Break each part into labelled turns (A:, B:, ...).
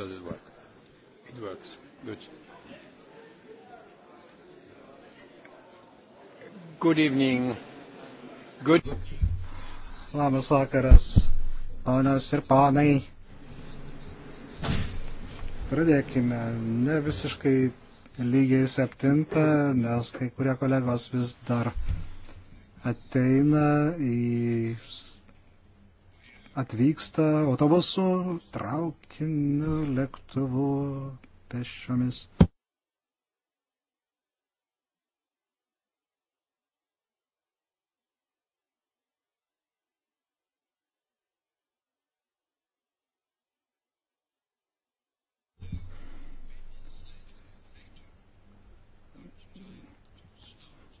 A: Does it work? It works. Good. Good evening. Good.
B: Labas vakaras, panas ir panai. Pradėkime. Ne visiškai lygiai septintą, nes kai kurie kolegos vis dar ateina į atvyksta autobusu, traukiniu, lėktuvu, pešiomis.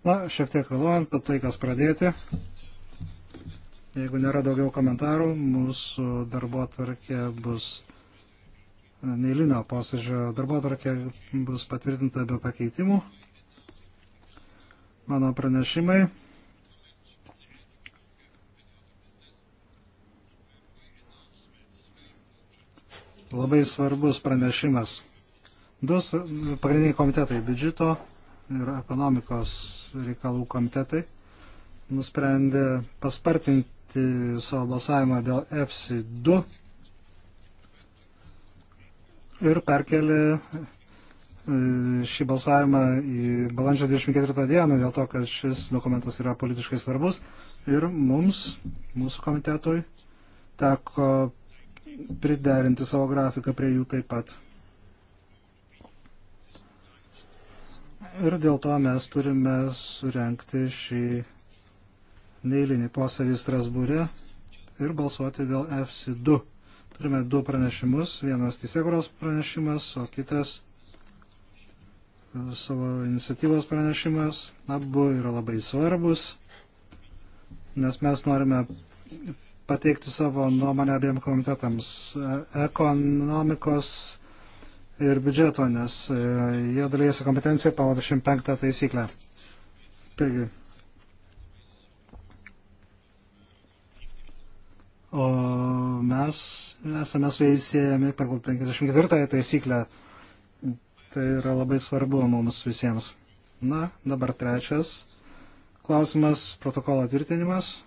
B: Na, šiek tiek vėluojant, bet laikas pradėti. Jeigu nėra daugiau komentarų, mūsų darbo tvarkė bus neįlinio posėdžio darbo tvarkė bus patvirtinta be pakeitimų. Mano pranešimai. Labai svarbus pranešimas. Du pagrindiniai komitetai - biudžeto ir ekonomikos reikalų komitetai nusprendė paspartinti savo balsavimą dėl EFSI 2 ir perkelė e, šį balsavimą į balandžio 24 dieną dėl to, kad šis dokumentas yra politiškai svarbus ir mums, mūsų komitetui, teko priderinti savo grafiką prie jų taip pat. Ir dėl to mes turime surenkti šį neįlinį posėdį Strasbūrė ir balsuoti dėl FC2. Turime du pranešimus, vienas teisėkuros pranešimas, o kitas e, savo iniciatyvos pranešimas. Abu yra labai svarbus, nes mes norime pateikti savo nuomonę abiem komitetams e, ekonomikos ir biudžeto, nes e, jie dalyjasi kompetenciją pagal 25 taisyklę. Taigi, o mes esame su jais siejami pagal 54 taisyklę. Tai yra labai svarbu mums visiems. Na, dabar trečias klausimas - protokolo tvirtinimas.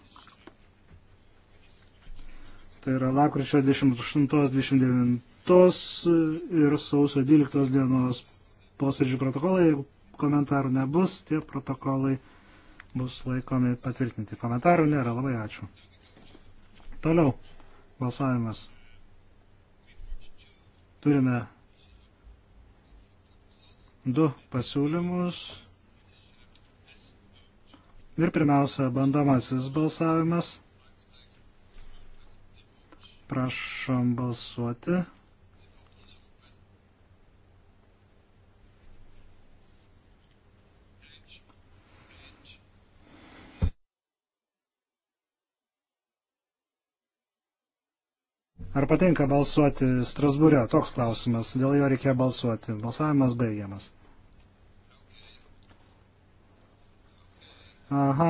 B: Tai yra lakryčio 28-29 ir sausio 12 dienos posėdžių protokolai. Jeigu komentarų nebus, tie protokolai bus laikomi patvirtinti. Komentarų nėra. Labai ačiū. Toliau balsavimas. Turime du pasiūlymus. Ir pirmiausia, bandomasis balsavimas. Prašom balsuoti. Ar patinka balsuoti Strasbūrė? Toks klausimas. Dėl jo reikėjo balsuoti. Balsavimas baigiamas. Aha.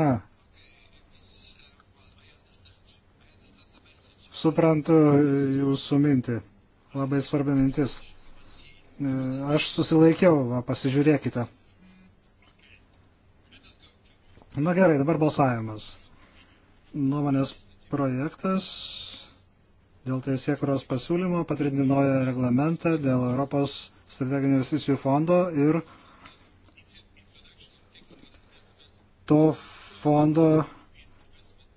B: Suprantu jūsų mintį. Labai svarbi mintis. Aš susilaikiau, va, pasižiūrėkite. Na gerai, dabar balsavimas. Nuomonės projektas dėl teisėkuros pasiūlymo patvirtinti naują reglamentą dėl Europos strateginių investicijų fondo ir to fondo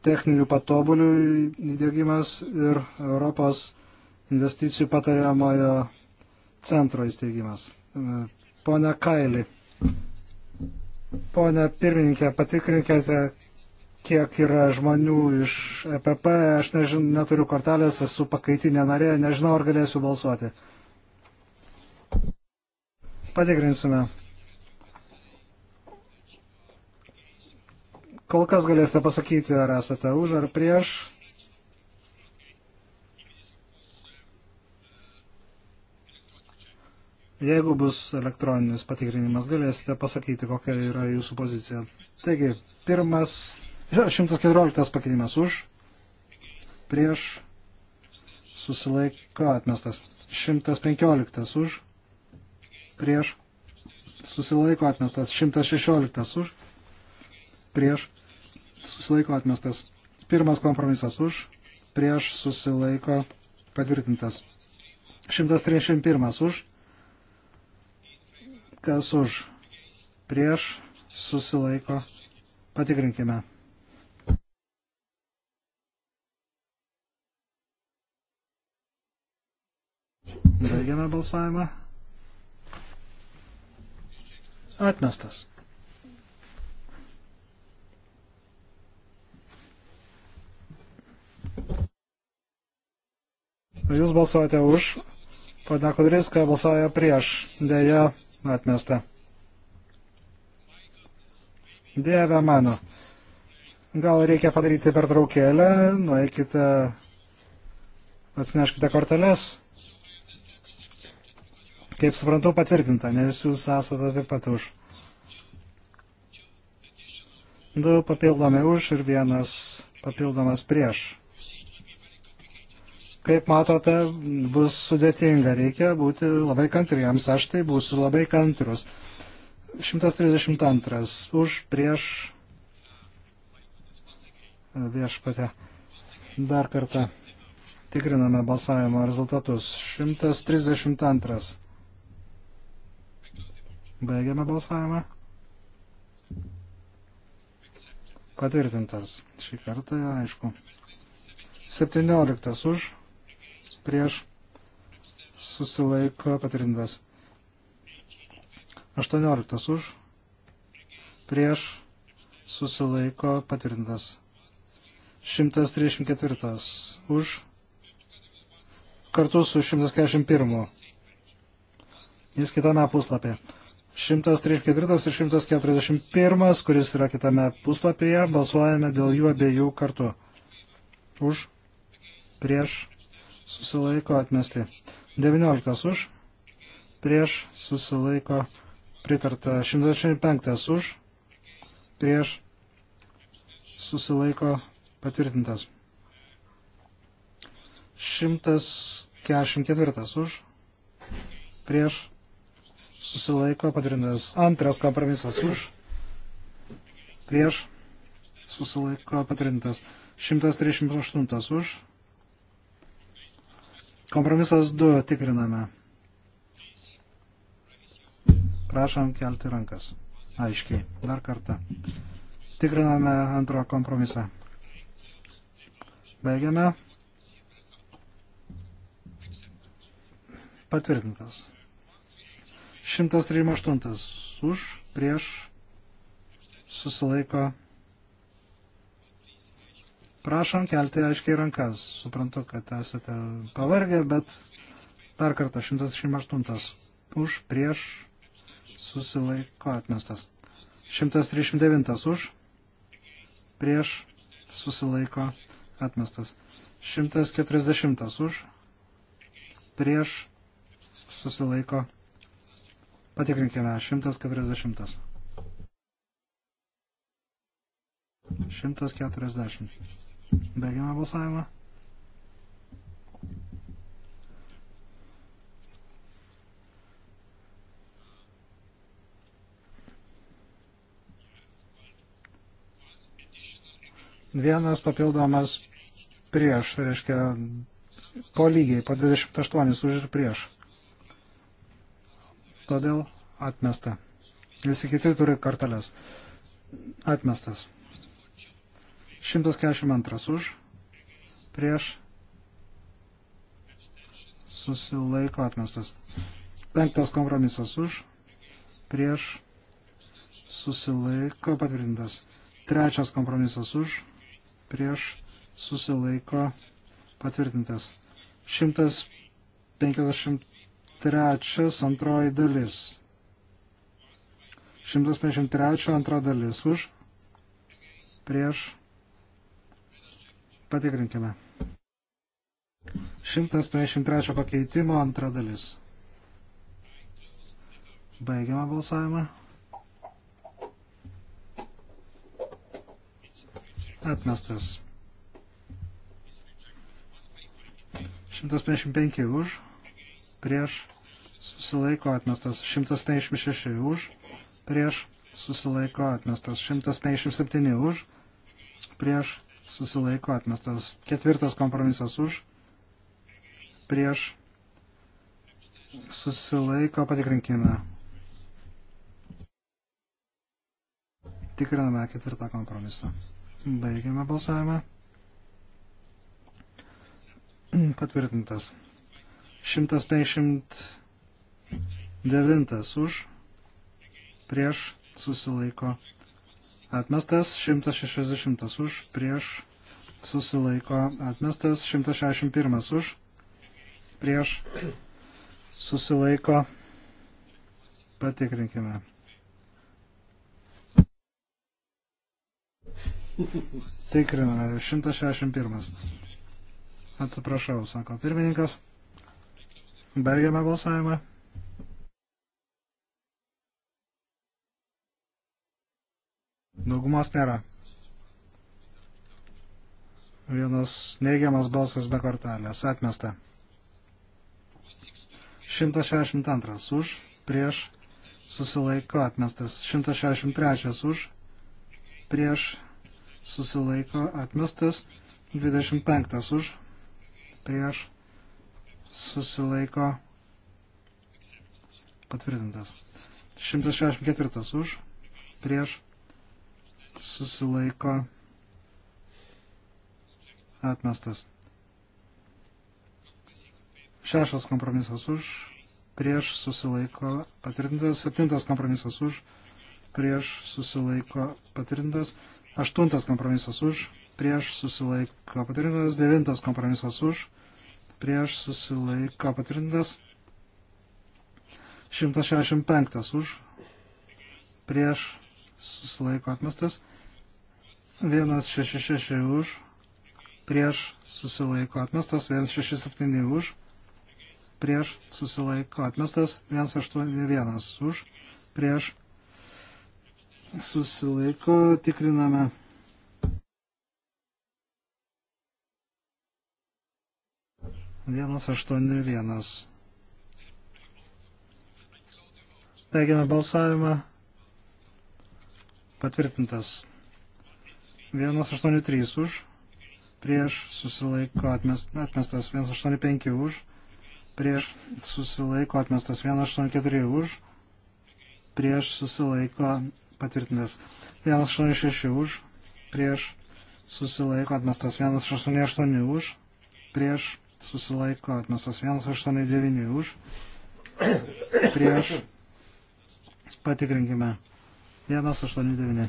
B: techninių patobulių įdėgymas ir Europos investicijų patariamojo centro įsteigimas. Pone Kaili, pone pirmininkė, patikrinkite, kiek yra žmonių iš EPP, aš nežin, neturiu kortelės, esu pakaitinė narė, nežinau, ar galėsiu balsuoti. Patikrinsime. Kol kas galėsite pasakyti, ar esate už ar prieš. Jeigu bus elektroninis patikrinimas, galėsite pasakyti, kokia yra jūsų pozicija. Taigi, pirmas 114 pakeitimas už, prieš, susilaiko atmestas. 115 už, prieš, susilaiko atmestas. 116 už, prieš, susilaiko atmestas. Pirmas kompromisas už, prieš, susilaiko patvirtintas. 131 už, kas už, prieš, susilaiko. Patikrinkime. balsavimą. Atmestas. Jūs balsuojate už, pana Kudriska balsavo prieš, dėja atmesta. Dieve mano, gal reikia padaryti pertraukėlę, nueikite, atsineškite korteles. Kaip suprantu, patvirtinta, nes jūs esate taip pat už. Du papildomi už ir vienas papildomas prieš. Kaip matote, bus sudėtinga, reikia būti labai kantriems, aš tai būsiu labai kantrus. 132 už prieš viešpatę. Dar kartą tikriname balsavimo rezultatus. 132. Baigiame balsavimą. Patvirtintas šį kartą, aišku. 17 už, prieš susilaiko patvirtintas. 18 už, prieš susilaiko patvirtintas. 134 už, kartu su 141. Jis kitame puslapyje. 134 ir 141, kuris yra kitame puslapyje. Balsuojame dėl jų abiejų kartu. Už, prieš, susilaiko atmesti. 19 už, prieš, susilaiko pritarta. 125 už, prieš, susilaiko patvirtintas. 144 už, prieš, susilaiko patvirtintas. Antras kompromisas už, prieš, susilaiko patvirtintas. 138 už. Kompromisas 2 tikriname. Prašom kelti rankas. Aiškiai, dar kartą. Tikriname antrą kompromisą. Baigiame. Patvirtintas. 138 už, prieš, susilaiko. Prašom kelti aiškiai rankas. Suprantu, kad esate pavargę, bet dar kartą 138 už, prieš, susilaiko atmestas. 139 už, prieš, susilaiko atmestas. 140 už, prieš, susilaiko atmestas susilaiko Patikrinkime 140. 140. Baigiame balsavimą. Vienas papildomas prieš, reiškia po lygiai, po 28 už ir prieš todėl atmesta. Visi kiti turi kartelės. Atmestas. 142 už, prieš, susilaiko atmestas. Penktas kompromisas už, prieš, susilaiko patvirtintas. Trečias kompromisas už, prieš, susilaiko patvirtintas. 150 153 antroji dalis. 153 antra dalis už. Prieš. Patikrinkime. 153 pakeitimo antra dalis. Baigiame balsavimą. Atmestas. 155 už prieš susilaiko atmestas 156 už, prieš susilaiko atmestas 157 už, prieš susilaiko atmestas ketvirtas kompromisas už, prieš susilaiko patikrinkime. Tikriname ketvirtą kompromisą. Baigiame balsavimą. Patvirtintas. 159 už, prieš susilaiko atmestas, 160 už, prieš susilaiko atmestas, 161 už, prieš susilaiko patikrinkime. Tikriname, 161. Atsiprašau, sako pirmininkas. Baigiame balsavimą. Daugumos nėra. Vienas neigiamas balsas be kortelės. Atmesta. 162 už, prieš, susilaiko atmestas. 163 už, prieš, susilaiko atmestas. 25 už, prieš, susilaiko patvirtintas. 164 už, prieš, susilaiko atmestas. Šeštas kompromisas už, prieš, susilaiko patvirtintas. Septintas kompromisas už, prieš, susilaiko patvirtintas. Aštuntas kompromisas už, prieš, susilaiko patvirtintas. Devintas kompromisas už, prieš susilaiko patvirtintas. 165 už prieš susilaiko atmestas. 166 už prieš susilaiko atmestas. 167 už prieš susilaiko atmestas. 181 už prieš susilaiko tikriname. 181. Teigiame balsavimą. Patvirtintas. 183 už. Prieš susilaiko atmestas 185 už. Prieš susilaiko atmestas 184 už. Prieš susilaiko patvirtintas 186 už. Prieš susilaiko atmestas 188 už. Prieš susilaiko atmestas 189 už, prieš, patikrinkime, 189.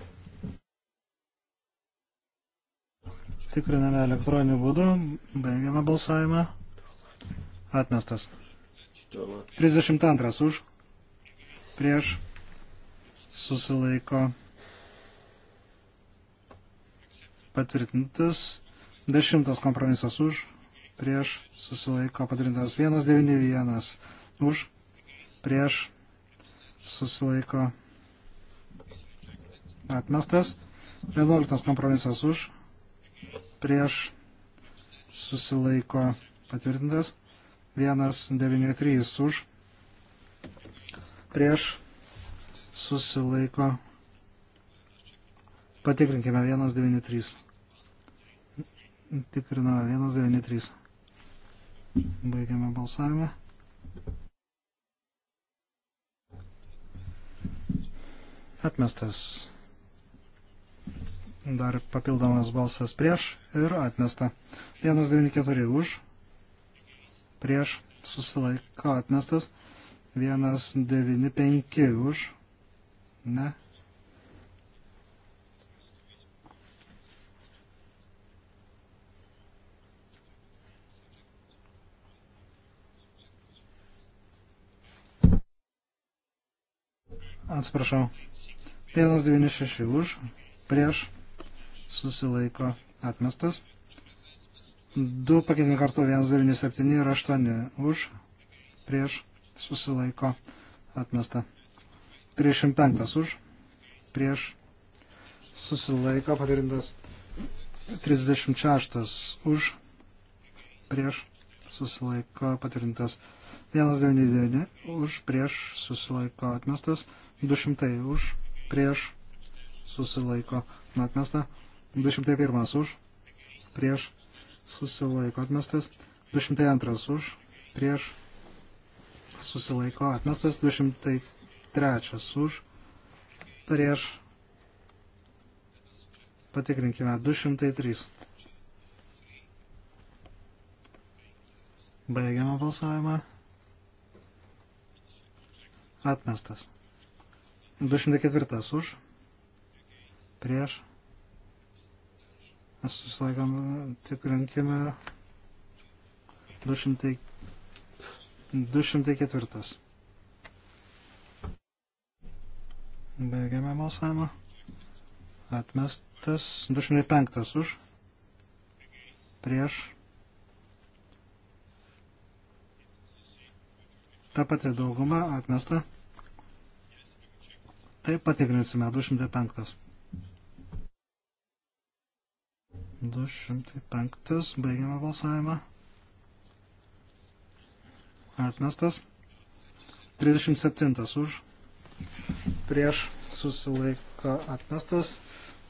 B: Tikriname elektroniniu būdu, baigiame balsavimą, atmestas. 32 už, prieš, susilaiko patvirtintas, dešimtas kompromisas už, prieš susilaiko padarintas 191 už prieš susilaiko atmestas 11 kompromisas už prieš susilaiko patvirtintas 193 už prieš susilaiko patikrinkime 193 tikrino 193 Baigiame balsavimą. Atmestas. Dar papildomas balsas prieš ir atmesta. 194 už. Prieš susilaiko atmestas. 195 už. Ne. atsiprašau, 196 už, prieš, susilaiko atmestas. 2 pakeitimai kartu 197 ir 8 už, prieš, susilaiko atmesta. 305 už, prieš, susilaiko patvirtintas. 36 už, prieš, susilaiko patvirtintas. 199 už, prieš, susilaiko atmestas. 200 už, prieš, susilaiko atmesta, 201 už, prieš, susilaiko atmestas, 202 už, prieš, susilaiko atmestas, 203 už, prieš, patikrinkime, 203. Baigiamą balsavimą. Atmestas. 204 už, prieš, susilaikome, tikrinkime 200, 204. Baigiame balsavimą. Atmestas 205 už, prieš, ta pati dauguma atmesta. Taip patikrinsime 205. 205. Baigiame balsavimą. Atmestas. 37 už. Prieš susilaiko atmestas.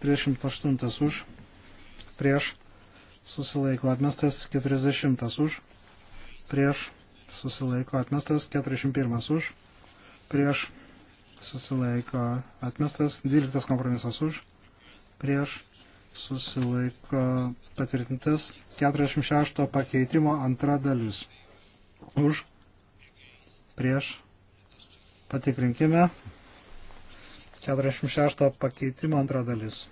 B: 38 už. Prieš susilaiko atmestas. 40 už. Prieš susilaiko atmestas. 41 už. Prieš susilaiko atmestas, 12 kompromisas už, prieš susilaiko patvirtintas, 46 pakeitimo antra dalis už, prieš patikrinkime, 46 pakeitimo antra dalis.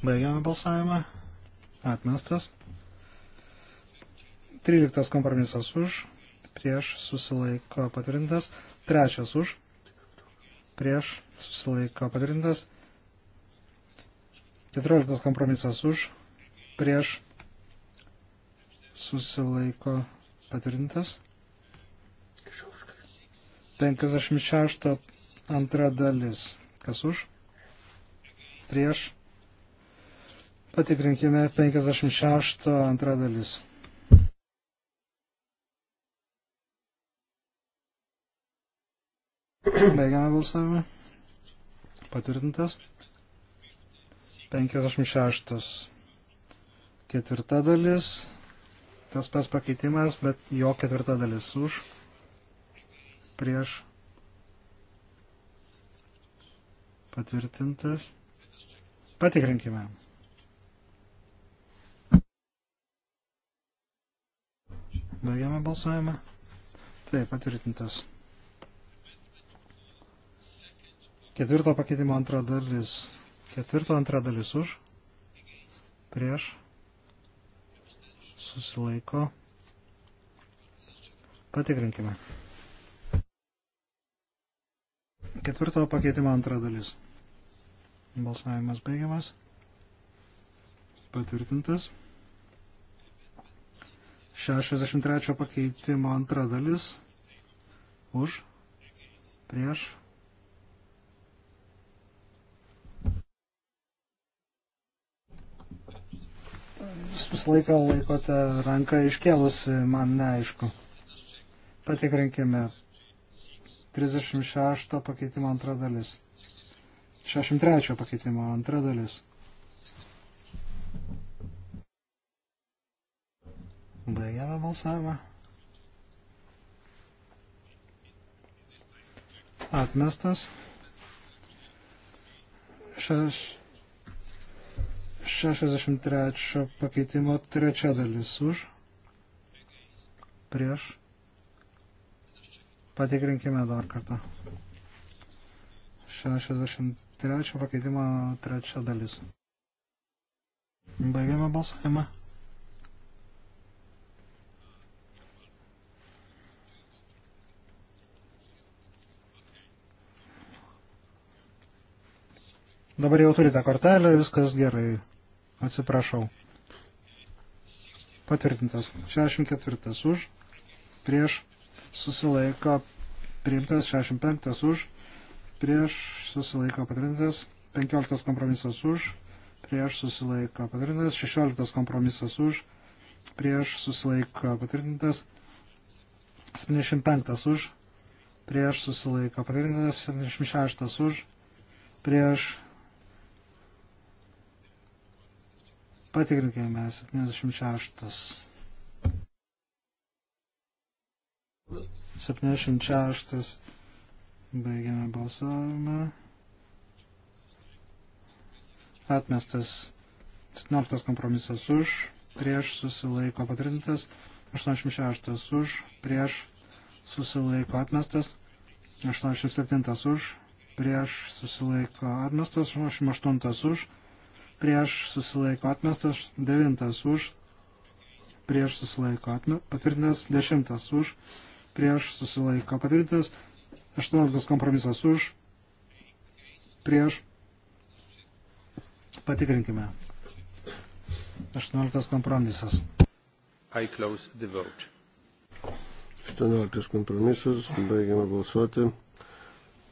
B: Baigiame balsavimą. Atmestas. 13 kompromisas už, prieš susilaiko patvirtintas, trečias už, prieš susilaiko patvirtintas, keturioliktas kompromisas už, prieš susilaiko patvirtintas. 56 antra dalis. Kas už? Prieš. Patikrinkime 56 antra dalis. Baigiame balsavimą. Patvirtintas. 56. Ketvirta dalis. Tas pas pakeitimas, bet jo ketvirta dalis už. Prieš. Patvirtintas. Patikrinkime. Baigiame balsavimą. Taip, patvirtintas. Ketvirto pakeitimo antra dalis. Ketvirto antra dalis už. Prieš. Susilaiko. Patikrinkime. Ketvirto pakeitimo antra dalis. Balsavimas baigiamas. Patvirtintas. 63 pakeitimo antra dalis. Už. Prieš jūs visą laiką laikote ranką iškėlus, man neaišku. Patikrinkime 36 pakeitimo antra dalis. 63 pakeitimo antra dalis. Baigiame balsavimą. Atmestas. Šeš... 63 pakeitimo trečia dalis už, prieš. Patikrinkime dar kartą. 63 pakeitimo trečia dalis. Baigiame balsavimą. Dabar jau turite kortelę, viskas gerai. Atsiprašau. Patvirtintas. 64 už. Prieš susilaiko priimtas. 65 už. Prieš susilaiko patvirtintas. 15 kompromisas už. Prieš susilaiko patvirtintas. 16 kompromisas už. Prieš susilaiko patvirtintas. 75 už. Prieš susilaiko patvirtintas. 76 už. Prieš Patikrinkime 76. 76. Baigiame balsavimą. Atmestas 17 kompromisas už, prieš susilaiko patrintas, 86 už, prieš susilaiko atmestas, 87 už, prieš susilaiko atmestas, 88 už prieš susilaiko atmestas, devintas už, prieš susilaiko atmestas, patvirtintas, dešimtas už, prieš susilaiko patvirtintas, aštuonioliktas kompromisas už, prieš, patikrinkime, aštuonioliktas kompromisas.
A: I close the vote. 18 kompromisas, baigiame balsuoti.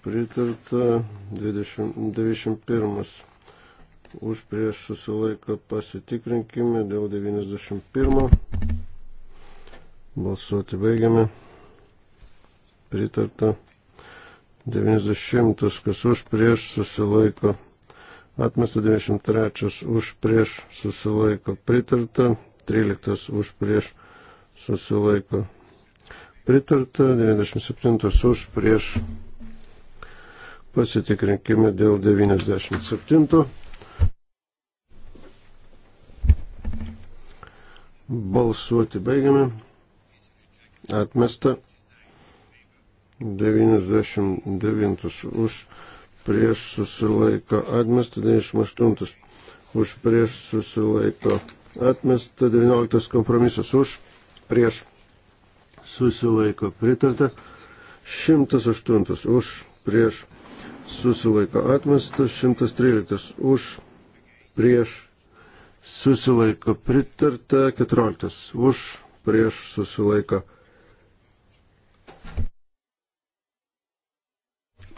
A: Pritarta 20, 91 už prieš susilaiko pasitikrinkime dėl 91. Balsuoti baigiame. Pritarta. 90. Kas už prieš susilaiko. Atmesta 93. Už prieš susilaiko. Pritarta. 13. Už prieš susilaiko. Pritarta. 97. Už prieš. Pasitikrinkime dėl 97. Balsuoti baigiame. Atmesta. 99 už prieš susilaiko atmesta. 98 už prieš susilaiko atmesta. 19 kompromisas už prieš susilaiko pritarta. 108 už prieš susilaiko atmestas, 113 už, prieš susilaiko pritarta, 14 už, prieš susilaiko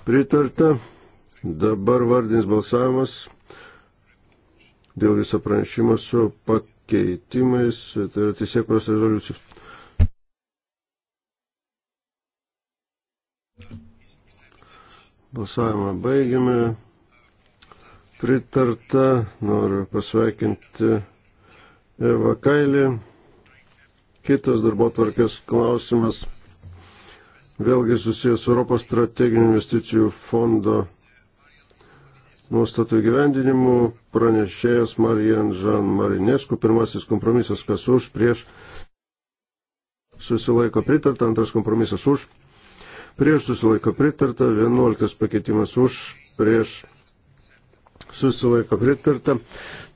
A: pritarta. Dabar vardinis balsavimas dėl viso pranešimo su pakeitimais, tai yra tiesiekos rezoliucijos. Balsavimą baigiame pritarta. Noriu pasveikinti Eva Kailį. Kitas darbo tvarkės klausimas vėlgi susijęs su Europos strateginių investicijų fondo nuostatų gyvendinimu. Pranešėjas Marijan Žan Marinesku. Pirmasis kompromisas, kas už, prieš susilaiko pritarta. Antras kompromisas už, prieš susilaiko pritarta. Vienuoliktas pakeitimas už, prieš susilaiko pritarta,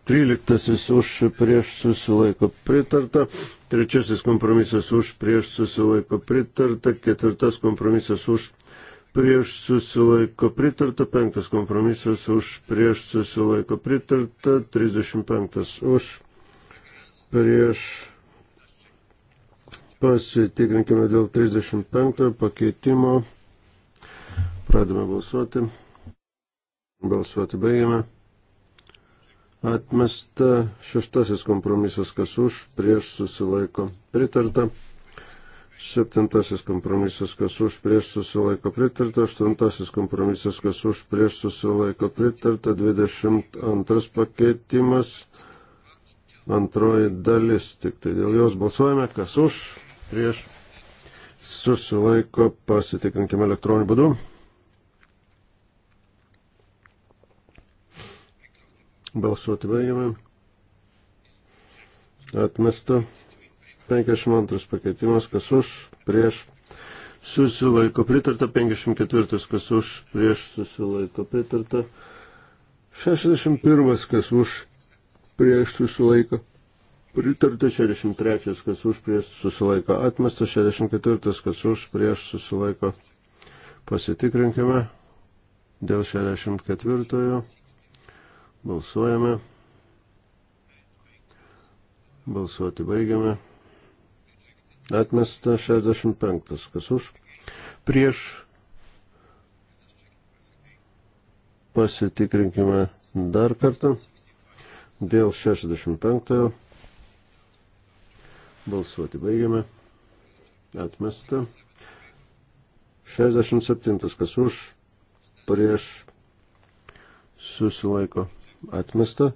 A: 13 už prieš susilaiko pritarta, 3 kompromisas už prieš susilaiko pritarta, 4 kompromisas už prieš susilaiko pritarta, 5 kompromisas už prieš susilaiko pritarta, 35 už prieš pasitikrinkime dėl 35 pakeitimo. Pradame balsuoti. Balsuoti baigiame. Atmesta šeštasis kompromisas, kas už, prieš susilaiko pritarta. Septintasis kompromisas, kas už, prieš susilaiko pritarta. Aštuntasis kompromisas, kas už, prieš susilaiko pritarta. Dvidešimt antras pakeitimas, antroji dalis. Tik tai dėl jos balsuojame, kas už, prieš susilaiko pasitikrinkime elektroniniu būdu. Balsuoti baigiame. Atmesta. 52 pakeitimas, kas už, prieš, susilaiko pritarta. 54, kas už, prieš, susilaiko pritarta. 61, kas už, prieš, susilaiko Pritarta 63, kas už prieš susilaiko. Atmestas 64, kas už prieš susilaiko. Pasitikrinkime dėl 64. Balsuojame. Balsuoti baigiame. Atmesta 65. Kas už? Prieš pasitikrinkime dar kartą dėl 65. Balsuoti baigiame. Atmesta. 67. Kas už? Prieš susilaiko atmesta.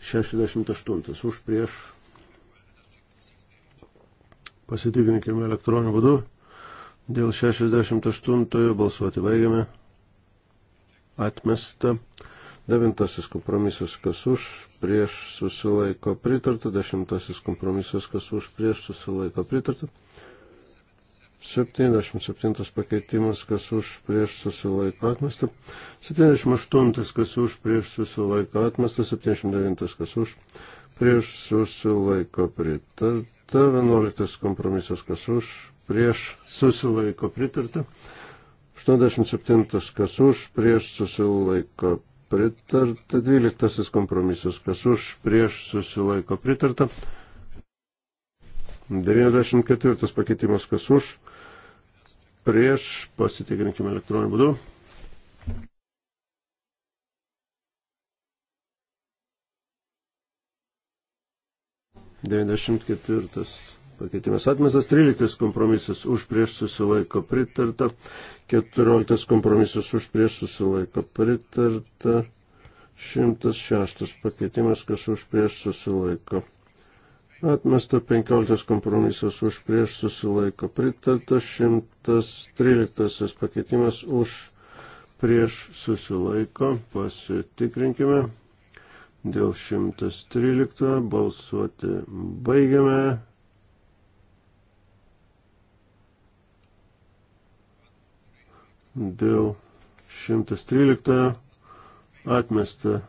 A: 68 už prieš. Pasitikrinkime elektroniniu būdu. Dėl 68 balsuoti baigiame. Atmesta. Devintasis kompromisas, kas už, prieš susilaiko pritarta. Dešimtasis kompromisas, kas už, prieš susilaiko pritarta. 77 pakeitimas, kas už prieš susilaiko atmestą. 78, kas už prieš susilaiko atmestą. 79, kas už prieš susilaiko pritarta. 11 kompromisas, kas už prieš susilaiko pritarta. 87, kas už prieš susilaiko pritarta. 12 kompromisas, kas už prieš susilaiko pritarta. 94 pakeitimas, kas už prieš, pasitikrinkime elektroniniu būdu. Devindešimt ketvirtas pakeitimas atmestas, tryliktas kompromisas už prieš susilaiko pritarta, keturioliktas kompromisas už prieš susilaiko pritarta, šimtas šeštas pakeitimas, kas už prieš susilaiko pritarta. Atmesta 15 kompromisas už prieš susilaiko. Pritarta 113 pakeitimas už prieš susilaiko. Pasitikrinkime. Dėl 113 balsuoti baigiame. Dėl 113 atmesta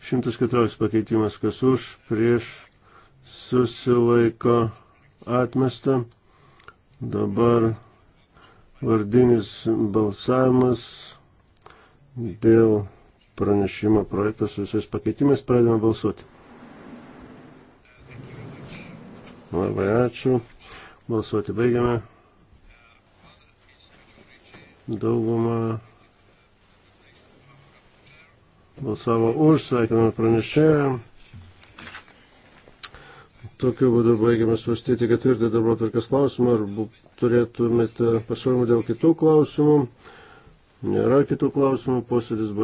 A: 114 pakeitimas kas už prieš susilaiko atmesta. Dabar vardinis balsavimas dėl pranešimo projekto su visais pakeitimais pradėjome balsuoti. Labai ačiū. Balsuoti baigiame. Daugumą balsavo už, sveikiname pranešėją. Tokiu būdu baigiame svarstyti ketvirtą darbo tvarkės klausimą. Ar turėtumėte pasiūlymų dėl kitų klausimų? Nėra kitų klausimų, posėdis baigtas.